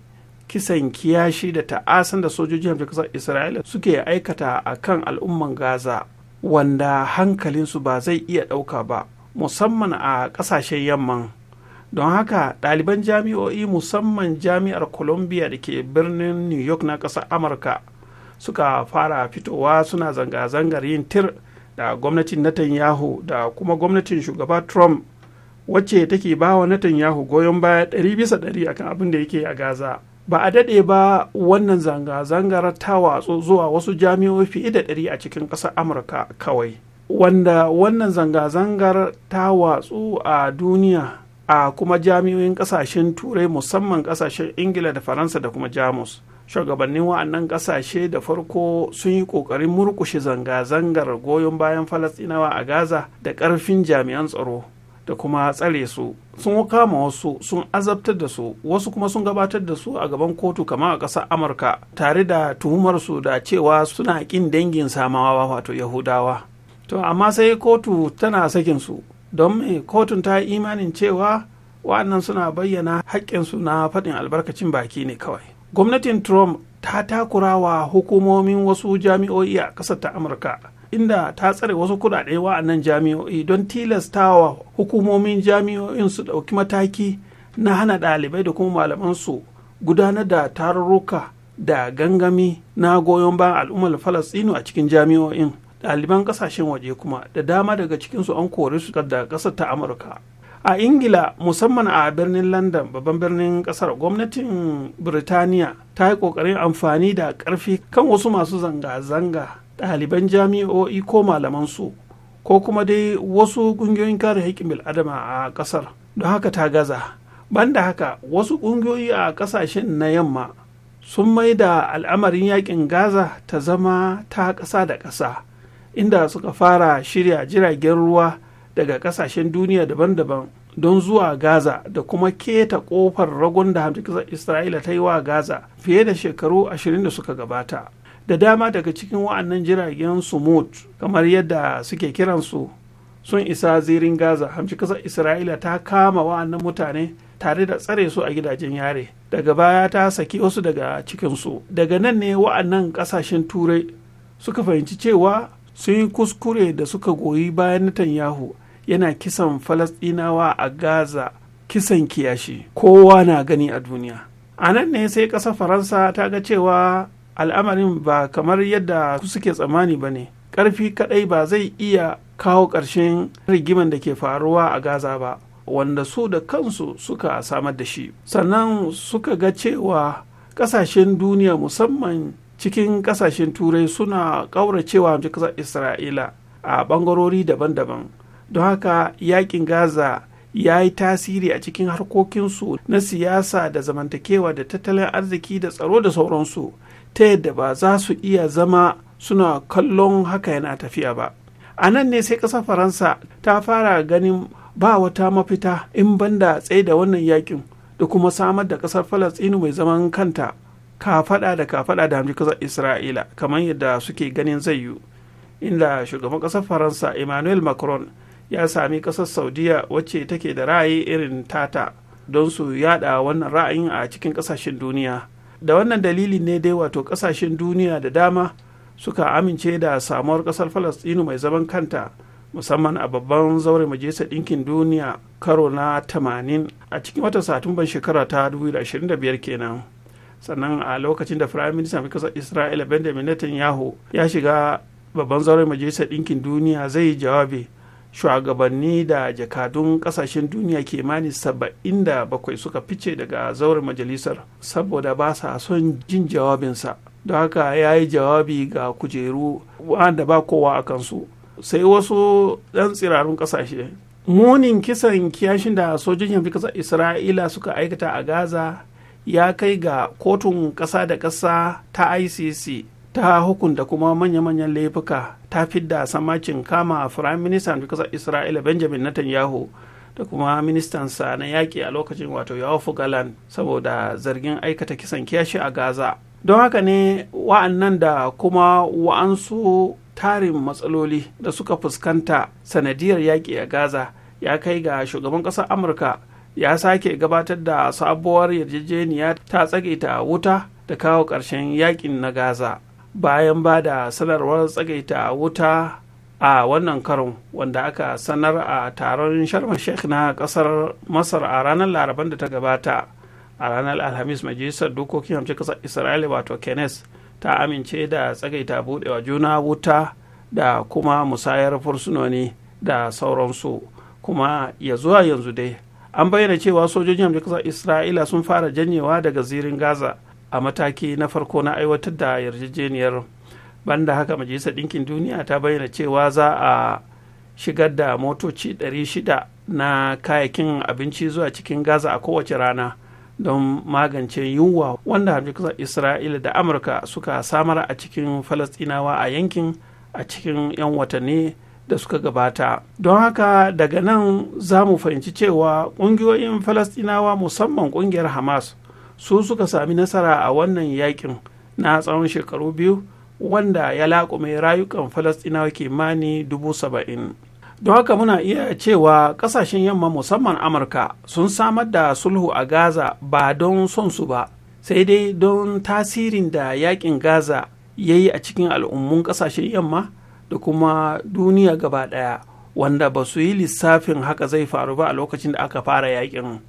kisan kiyashi da ta'asan da sojojin hamshin kasar isra'ila suke aikata a kan al'umman gaza wanda hankalinsu ba zai iya ɗauka ba musamman a ƙasashen yamman don haka ɗaliban jami'o'i musamman jami'ar columbia da ke birnin new york na ƙasar amurka suka fara fitowa suna zanga-zangar yin tir da gwamnatin netanyahu da kuma gwamnatin shugaba trump wacce take ba wa netanyahu goyon baya ɗari bisa ɗari akan abin da yake a gaza ba a daɗe ba wannan zanga-zangar ta watsu zuwa wasu jami'o'i fiye da ɗari a cikin ƙasar amurka kawai wanda wannan zanga-zangar ta watsu a duniya a kuma jami'o'in kasashen turai musamman kasashen ingila da faransa da kuma jamus shugabannin wa'annan kasashe da farko sun yi kokarin murkushe zanga-zangar goyon bayan falastinawa a gaza da karfin jami'an tsaro da kuma tsare su sun kama wasu sun azabtar da su wasu kuma sun gabatar da su a gaban kotu kamar a ƙasar amurka tare da tuhumar su da cewa suna ƙin dangin samawa wato yahudawa to amma sai kotu tana sakin su don me kotun ta yi imanin cewa wa'annan suna bayyana haƙƙinsu na faɗin albarkacin baki ne kawai gwamnatin trump ta takura wa hukumomin wasu jami'o'i a ƙasar ta amurka inda ta tsare wasu kuɗaɗe wa'annan jami'o'i don tilasta wa hukumomin jami'o'in su ɗauki mataki na hana ɗalibai da kuma malamansu gudanar da tarurruka da gangami na goyon bayan al'ummar falastinu a cikin jami'o'in ɗaliban ƙasashen waje kuma da dama daga cikinsu an kore su da ƙasar ta amurka a ingila musamman a birnin london babban birnin ƙasar, gwamnatin birtaniya ta yi ƙoƙarin amfani da ƙarfi kan wasu masu zanga-zanga ɗaliban jami'o'i ko malamansu ko kuma dai wasu ƙungiyoyin kare haƙƙin bil'adama a ƙasar don haka ta gaza banda haka wasu ƙungiyoyi a ƙasashen na yamma sun mai da al'amarin yaƙin gaza ta zama ta ƙasa da ƙasa inda suka fara shirya jiragen ruwa daga kasashen duniya daban-daban don zuwa gaza da kuma keta kofar ragon da hamdukasar isra'ila ta yi wa gaza fiye da shekaru ashirin da suka gabata da dama daga cikin wa'annan jiragen sumut kamar yadda suke kiransu sun isa zirin gaza hamshi isra'ila ta kama wa'annan mutane tare da tsare su a gidajen yare daga baya ta saki wasu daga cikinsu daga nan ne wa'annan kasashen turai suka fahimci cewa sun yi kuskure da suka goyi bayan Netanyahu yana kisan Falasɗinawa a Gaza kisan kiyashi kowa na gani a duniya. A nan ne sai ƙasar Faransa ta ga cewa al'amarin ba kamar yadda suke tsammani ba ne. Ƙarfi kaɗai ba zai iya kawo ƙarshen rigiman da ke faruwa a Gaza ba, wanda su da kansu suka samar da shi. Sannan suka ga cewa ƙasashen duniya musamman cikin kasashen turai suna ƙauracewa wajen kasar isra'ila a bangarori daban-daban don haka yakin gaza ya yi tasiri a cikin harkokinsu na siyasa da zamantakewa da tattalin arziki da tsaro da sauransu ta yadda ba za su iya zama suna kallon haka yana tafiya ba a nan ne sai ƙasar faransa ta fara ganin ba wata mafita in banda tsaye da wannan yakin da kuma samar da ƙasar falastinu mai zaman kanta Ka faɗa da ka faɗa da hamji ƙasar isra'ila kamar yadda suke ganin zai yiwu inda shugaban ƙasar faransa emmanuel macron ya sami ƙasar saudiya wacce take da ra'ayi irin tata don su yada wannan ra'ayin a cikin ƙasashen duniya da wannan dalili ne dai wato ƙasashen duniya da dama suka amince da samuwar ƙasar falastinu mai zaman kanta musamman a babban zaure majalisar ɗinkin duniya karo na 80 a cikin watan satumban shekara ta 2025 kenan. sannan a lokacin da firayim ministan kasar isra'ila benjamin netanyahu ya shiga babban zauren majalisar ɗinkin duniya zai jawabi shugabanni da jakadun ƙasashen duniya kimanin saba'in da bakwai suka fice daga zauren majalisar saboda ba sa son jin jawabinsa don haka ya yi jawabi ga kujeru wanda ba kowa a kansu sai wasu ɗan tsirarun ƙasashe munin kisan kiyashin da sojojin kasar isra'ila suka aikata a gaza ya kai ga kotun ƙasa da ƙasa ta icc ta hukunta kuma manya-manyan laifuka ta fidda samacin kama firayim ministan ƙasar isra'ila benjamin netanyahu da kuma ministansa na yaƙi a lokacin wato yawafu galan saboda zargin aikata kisan kiyashi a gaza don haka ne wa'annan da kuma wa'ansu tarin matsaloli da suka fuskanta sanadiyar yaƙi a gaza ya kai ga shugaban ƙasar amurka ya sake gabatar da sabuwar yarjejeniya ta tsagaita wuta da kawo ƙarshen yakin na gaza bayan ba da sanarwar tsagaita wuta a wannan karon wanda aka sanar a taron sharma sheikh na kasar masar a ranar laraban da ta gabata a ranar alhamis majalisar dokokin hamshe ƙasar isra'ila wato kenes ta amince da tsagaita budewa juna wuta da kuma musayar fursunoni da sauransu kuma ya zuwa yanzu dai an bayyana cewa sojojin hamshin kasar isra'ila sun fara janyewa daga zirin gaza a mataki na farko na aiwatar da yarjejeniyar banda haka majalisar ɗinkin duniya ta bayyana cewa za a shigar da motoci 600 na kayakin abinci zuwa cikin gaza a kowace rana don magance yunwa wanda hamshin isra'ila da amurka suka samar a cikin falastinawa a yankin a cikin 'yan watanni da suka gabata don haka daga nan za mu fahimci cewa ƙungiyoyin falastinawa musamman ƙungiyar hamas su suka sami nasara a wannan yakin na tsawon shekaru biyu wanda ya laƙume rayukan falastinawa kimani dubu saba'in don haka muna iya cewa ƙasashen yamma musamman amurka sun samar da sulhu a gaza ba don son su ba sai dai don tasirin da yakin gaza ya yi a cikin al'ummun ƙasashen yamma da kuma duniya gaba ɗaya wanda ba su yi lissafin haka zai faru ba a lokacin da aka fara yakin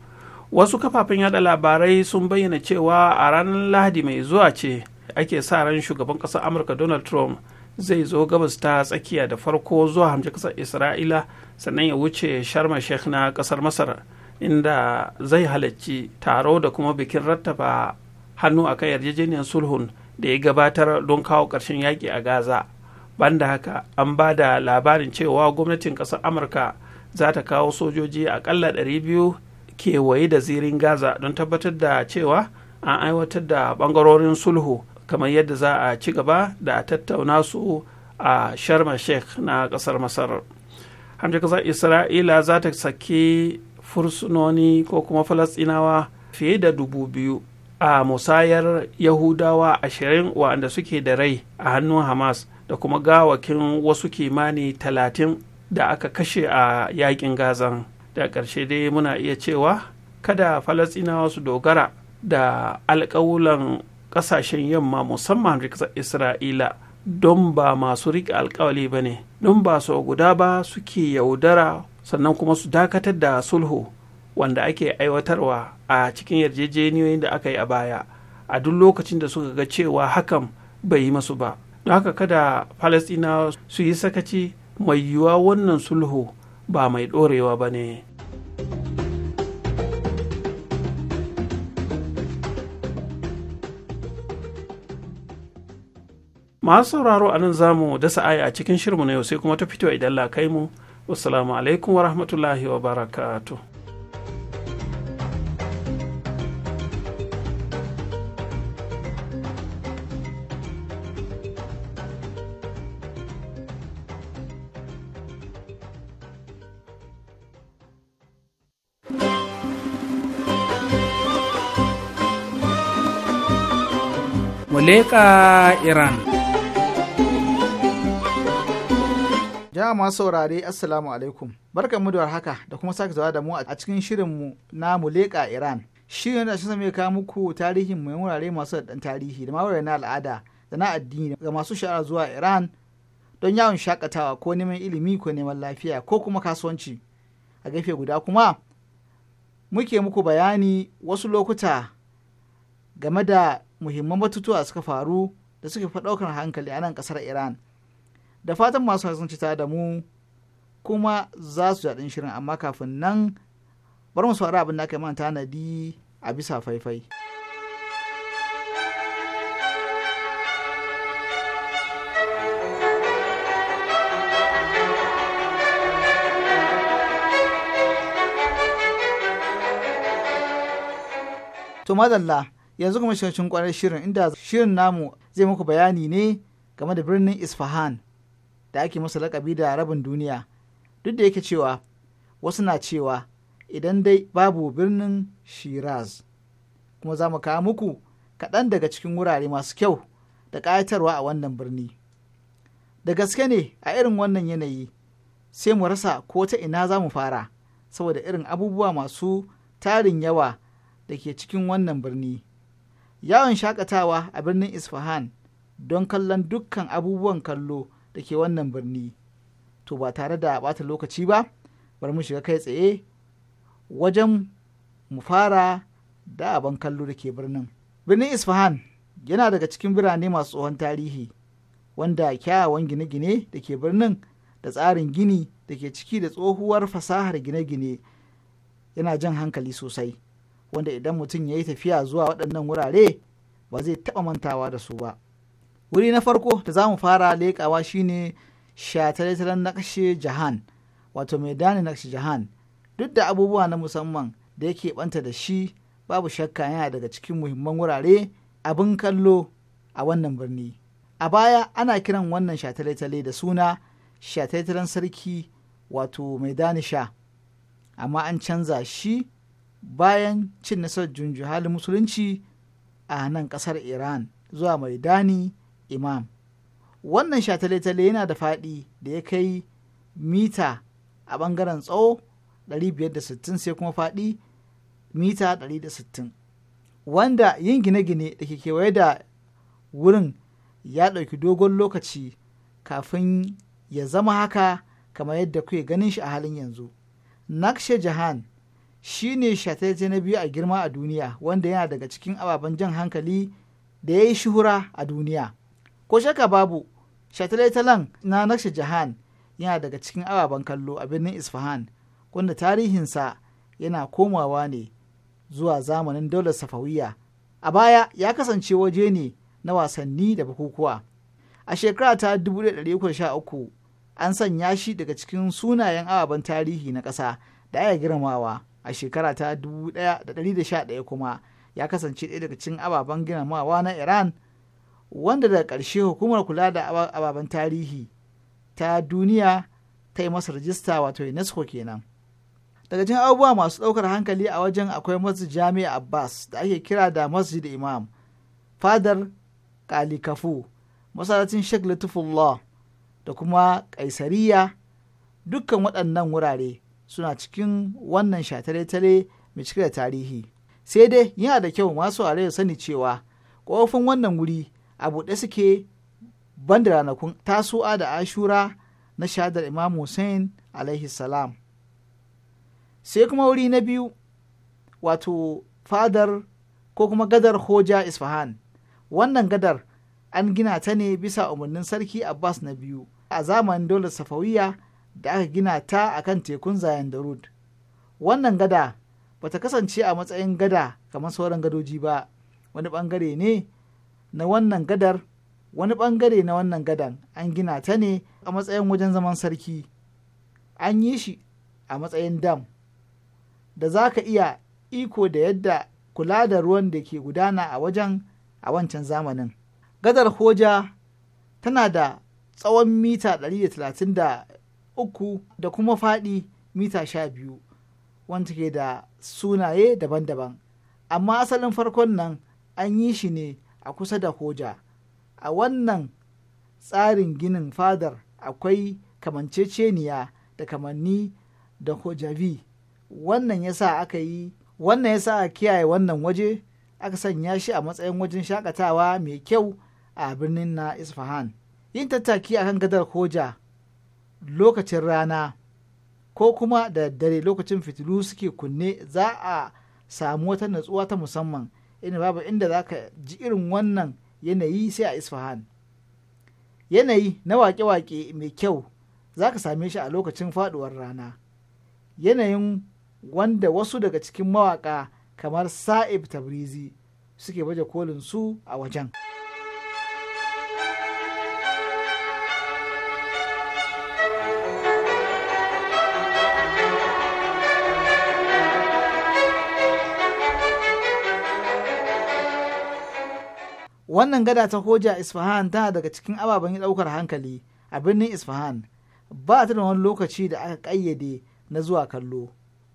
wasu kafafen yada labarai sun bayyana cewa a ranar lahadi mai zuwa ce ake sa ran shugaban ƙasar amurka donald trump zai zo gabas ta tsakiya da farko zuwa hamji ƙasar isra'ila sannan ya wuce sharma sheikh na ƙasar masar inda zai halarci taro da kuma bikin rattafa hannu akan kan yarjejeniyar sulhun da ya gabatar don kawo ƙarshen yaƙi a gaza banda haka an ba da labarin cewa gwamnatin kasar amurka za ta kawo sojoji akalla 200 kewaye da zirin gaza don tabbatar da cewa an aiwatar da ɓangarorin sulhu kamar yadda za a ci gaba da tattauna su a sharma sheikh na kasar masar hamshe ƙasar isra'ila za ta saki fursunoni ko kuma falasɗinawa fiye da dubu biyu a musayar yahudawa ashirin waɗanda suke da rai a hannun hamas da kuma gawakin wasu kimani talatin da aka kashe a yakin gazan da ƙarshe dai muna iya cewa kada falasinawa su dogara da alƙawulan ƙasashen yamma musamman isra'ila don ba masu riƙe alƙawali ba ne don ba su guda ba suke yaudara sannan kuma su dakatar da sulhu wanda ake aiwatarwa a cikin yarjejeniyoyin da aka yi a baya a duk lokacin da suka ga cewa hakan bai yi masu ba don haka kada falasɗina su yi sakaci mai yiwuwa wannan sulhu ba mai ɗorewa ba ne masu sauraro a nan zamu dasa aya a cikin shirmu na yau sai kuma ta fito idan la kai mu wassalamu alaikum wa rahmatullahi wa barakatuh leƙa iran jama'a saurare assalamu alaikum mu da haka da kuma sake zuwa da mu a cikin shirin mu na mu leƙa iran shirin da sun kawo muku tarihin mai wurare masu da tarihi da mawuyar na al'ada da na addini ga masu sha'ar zuwa iran don yawon shakatawa ko neman ilimi ko neman lafiya ko kuma kasuwanci a gefe guda kuma muke muku bayani wasu lokuta game da muhimman batutuwa suka faru da suka fi ɗaukar hankali a nan ƙasar iran da fatan masu kasance da mu kuma za su jaɗin shirin amma kafin nan bari mu saurari abin da aka manta tanadi a bisa faifai. To madalla yanzu kuma shirin kwanar shirin inda shirin namu zai muku bayani ne game da birnin isfahan da ake masa lakabi da rabin duniya duk da yake cewa wasu na cewa idan dai babu birnin shiraz kuma za mu kawo muku kaɗan daga cikin wurare masu kyau da ƙayatarwa a wannan birni da gaske ne a irin wannan yanayi sai mu rasa ko ta ina za mu fara saboda irin abubuwa masu tarin yawa da ke cikin wannan birni yawon shakatawa a birnin isfahan don kallon dukkan abubuwan kallo da ke wannan birni to ba tare da bata lokaci ba bari mu shiga kai tsaye wajen mu fara da abin kallo da ke birnin birnin isfahan yana daga cikin birane masu tsohon tarihi wanda kyawawan gine-gine da ke birnin da tsarin gini da ke ciki da tsohuwar fasahar gine-gine yana jan hankali sosai wanda idan mutum ya yi tafiya zuwa waɗannan wurare ba zai taɓa mantawa da su ba wuri na farko da za mu fara leƙawa shine shataletaren naqshi jahan wato mai dani jahan duk da abubuwa na musamman da yake ɓanta da shi babu shakka yana daga cikin muhimman wurare abin kallo a wannan birni a baya ana kiran wannan shataletale da suna shataletaren sarki wato mai dani sha amma an canza shi bayan cin nasarar junju halin musulunci a nan kasar iran zuwa mai dani imam wannan sha-tale-tale yana da faɗi da ya kai mita a bangaren tsawo 560 sai kuma faɗi mita 160 wanda yin gine-gine da ke kewaye da wurin ya ɗauki dogon lokaci kafin ya zama haka kamar yadda kuke ganin shi a halin yanzu. Nakshe Jahan shi ne shataje na biyu a girma a duniya wanda yana daga cikin ababen jan hankali da ya yi shuhura a duniya ko shaka babu shataletalen na naksha jahan yana daga cikin ababen kallo a birnin isfahan wanda tarihinsa yana komawa ne zuwa zamanin daular safawiya a baya ya kasance waje ne na wasanni da bukukuwa a shekara ta 1913 an sanya shi daga cikin sunayen ababen tarihi na ƙasa da aya girmawa. a shekara ta 1111 kuma ya kasance ɗaya daga cin ababen ginamawa na iran wanda daga ƙarshe hukumar kula da ababen tarihi ta duniya ta yi masa rajista wato unesco kenan daga cin abubuwa masu ɗaukar hankali a wajen akwai masu jami'a abbas da ake kira da masjid imam fadar kalikafu masallacin sheikh latifullah da kuma kaisariya dukkan waɗannan wurare suna cikin wannan shatare-tare mai cike da tarihi sai dai yana da kyau masu arewa sani cewa ƙofofin wannan wuri a buɗe suke banda ranakun tasu'a da ashura na shadar imam hussein alaihi salam sai kuma wuri na biyu wato fadar ko kuma gadar hoja isfahan wannan gadar an gina ta ne bisa umarnin sarki abbas na biyu a zamanin dole safawiya da aka gina ta a kan tekun zayan darud wannan gada ba ta kasance a matsayin gada kamar sauran gadoji ba wani bangare ne na wannan gadar wani bangare na wannan gadan an gina ta ne a matsayin wajen zaman sarki an yi shi a matsayin dam da za ka iya iko da yadda kula da ruwan da ke gudana a wajen a wancan zamanin gadar hoja tana da tsawon mita uku da kuma faɗi mita sha biyu wanda ke da sunaye daban-daban amma asalin farkon nan an yi shi ne a kusa da hoja a wannan tsarin ginin fadar akwai kamanceceniya da kamanni da hojavi wannan yasa aka yi wannan sa a kiyaye wannan waje aka sanya shi a matsayin wajen shakatawa mai kyau a birnin na isfahan yin tattaki akan gadar hoja lokacin rana ko kuma da dare lokacin fitilu suke kunne za a samu wata natsuwa ta musamman inda babu inda za ka ji irin wannan yanayi sai a isfahan yanayi na wake-wake mai kyau za ka same shi a lokacin faduwar rana yanayin wanda wasu daga cikin mawaka kamar sa'ib tabrizi suke baje kolin su a wajen. wannan gada ta hoja isfahan tana daga cikin ababen ɗaukar hankali a birnin isfahan ba ta da wani lokaci da aka ƙayyade na zuwa kallo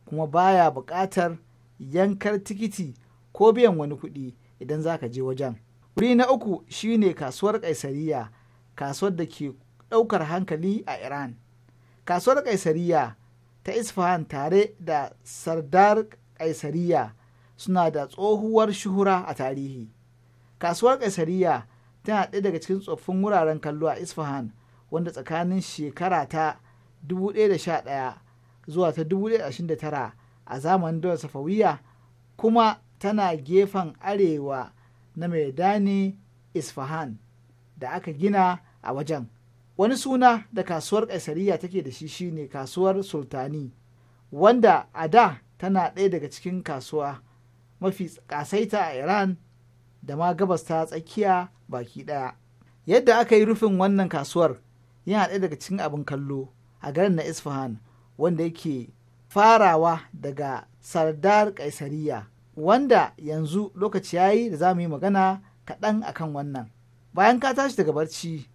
kuma baya buƙatar yankar tikiti ko biyan wani kuɗi idan za ka je wajen wuri na uku shine kasuwar kaisariya kasuwar da ke ɗaukar hankali a iran kasuwar kaisariya ta isfahan tare da sardar kaisariya suna da tsohuwar shuhura a tarihi kasuwar kaisariya tana ɗaya daga cikin tsoffin wuraren kallo a isfahan wanda tsakanin shekara ta 1011 zuwa ta 1029 a zamanin dole safawiya kuma tana gefen arewa na maidani isfahan da aka gina a wajen wani suna da kasuwar kaisariya take da shi shine kasuwar sultani wanda a da tana ɗaya daga cikin kasuwa mafi kasaita a iran da ma gabas ta tsakiya baki ɗaya. Yadda aka yi rufin wannan kasuwar yana ɗaya daga cikin abin kallo a garin na Isfahan wanda yake farawa daga Sardar Kaisariya wanda yanzu lokaci ya yi da za mu yi magana kaɗan akan wannan. Bayan ka tashi daga barci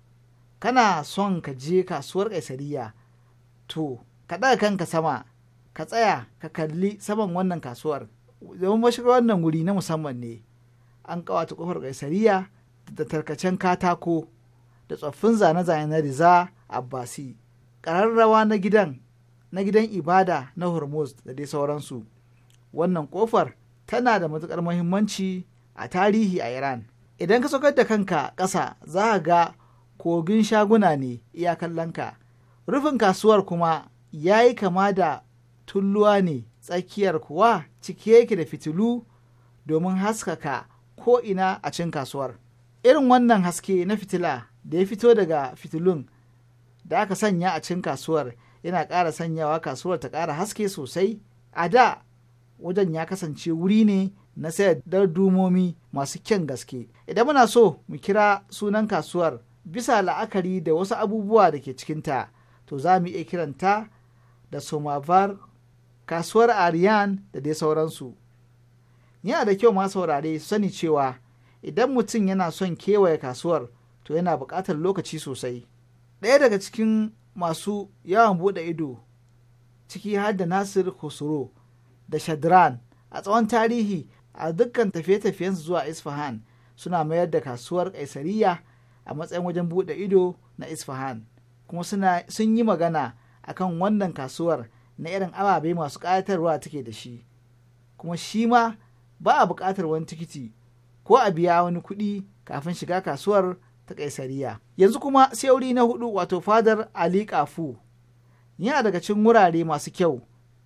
kana son ka je kasuwar Kaisariya to ka ɗaga kanka sama ka tsaya ka kalli saman wannan kasuwar domin mashigar wannan wuri na musamman ne. an kawata kofar gaisariya da tarkacen katako da tsoffin zane-zane na riza abbasi ƙararrawa na gidan na gidan ibada na hormuz da dai sauransu wannan kofar tana da matuƙar muhimmanci a tarihi a iran idan ka saukar da kanka ƙasa za a ga kogin shaguna ne iyakallanka rufin kasuwar kuma ya yi kama da tulluwa ne tsakiyar kuwa cike yake da fitilu domin haskaka ko ina a cin kasuwar irin wannan haske na fitila da ya fito daga fitilun da aka sanya a cin kasuwar yana ƙara sanyawa kasuwar ta ƙara haske sosai a da wajen ya kasance wuri ne na sayar dumomi masu kyan gaske idan muna so mu kira sunan kasuwar bisa la'akari da wasu abubuwa da ke cikinta to za mu iya kiranta da somavar kasuwar ariyan da dai sauransu yana da kyau masu saurare su sani cewa idan mutum yana son kewaye kasuwar to yana buƙatar lokaci sosai ɗaya daga cikin masu yawan buɗe ido ciki har da nasir khosro da shadran a tsawon tarihi a dukkan tafiye-tafiyensu zuwa isfahan suna mayar da kasuwar kaisariya a matsayin wajen buɗe ido na isfahan kuma sun yi magana akan wannan kasuwar na irin ababe masu ƙayatarwa take da shi kuma shi ma ba a buƙatar wani tikiti ko a biya wani kuɗi kafin shiga kasuwar ta ƙaisariya. Yanzu kuma sai wuri na hudu wato fadar Ali Kafu yana daga cikin wurare masu kyau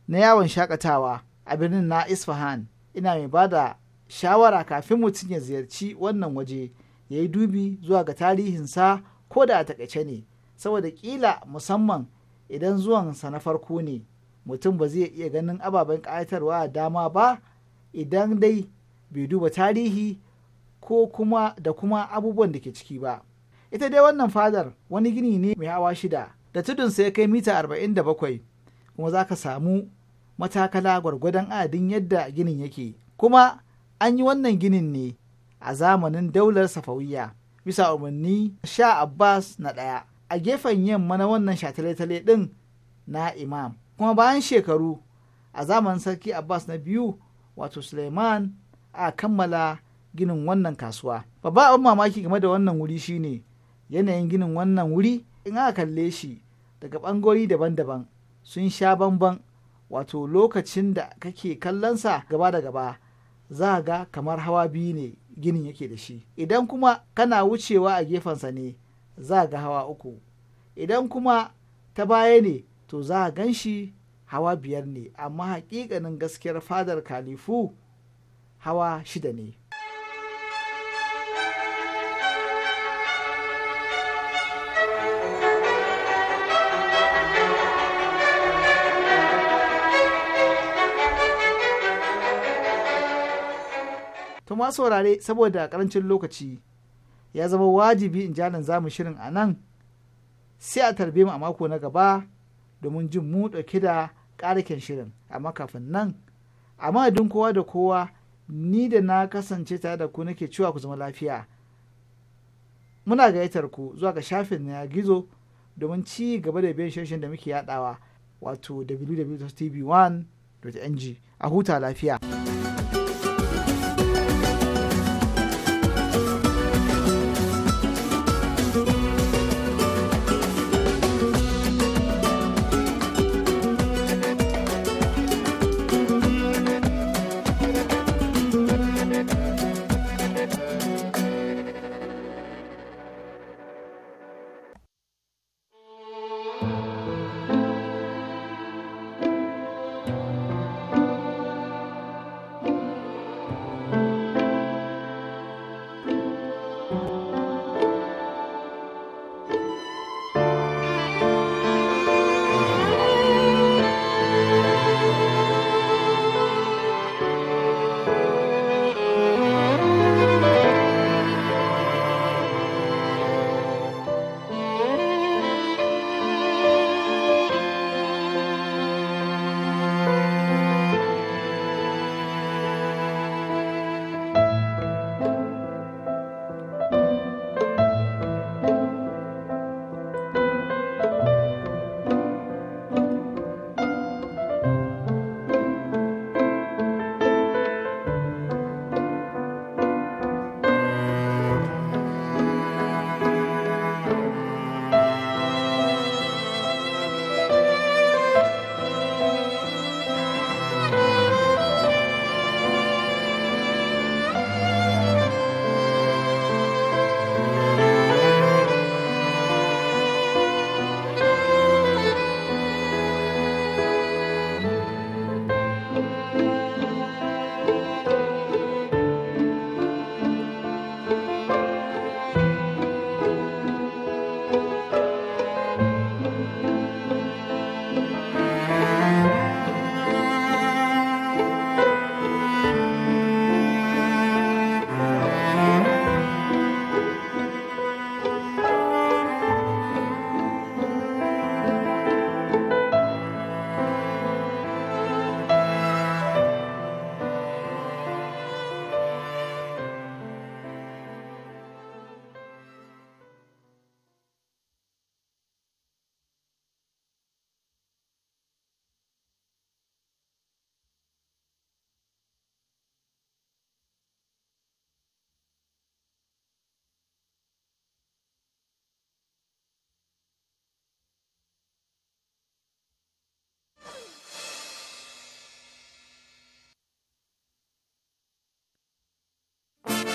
na yawon shakatawa a birnin na Isfahan. Ina mai ba da shawara kafin mutum ya ziyarci wannan waje ya yi dubi zuwa ga tarihinsa ko da a takaice ne saboda ƙila musamman idan zuwansa na farko ne mutum ba zai iya ganin ababen ƙayatarwa dama ba idan dai bai duba tarihi ko kuma da kuma abubuwan da ke ciki ba ita dai wannan fadar wani gini ne mai hawa shida da tudunsa ya kai mita arba'in da bakwai kuma za ka samu matakala gwargwadon adin yadda ginin yake kuma an yi wannan ginin ne a zamanin daular safawiya bisa umarni sha abbas na ɗaya a gefen yamma na wannan shatale-tale ɗin na imam kuma bayan shekaru a zamanin sarki abbas na biyu wato suleiman a kammala ginin wannan kasuwa babba abin mamaki game da wannan wuri shine yanayin ginin wannan wuri in aka kalle shi daga bangori daban-daban sun sha bamban wato lokacin da kake kallonsa gaba da gaba za ga kamar hawa biyu ne ginin yake da shi idan kuma kana wucewa a gefensa ne za ga hawa uku idan kuma ta baya ne to za a gan shi hawa biyar ne amma hakikanin gaskiyar fadar kalifu hawa shida ne tuma saurare saboda karancin lokaci ya zama wajibi in janin zamu shirin a nan sai a tarbe mu a mako na gaba domin jin mu dauke da ƙarikin shirin amma kafin nan a madadin kowa da kowa ni da na kasance tare da ku nake cewa ku zama lafiya muna gayyatar ku zuwa ga shafin na gizo domin ci gaba da biyan shirin da muke yadawa wato www.tv1.ng a huta lafiya.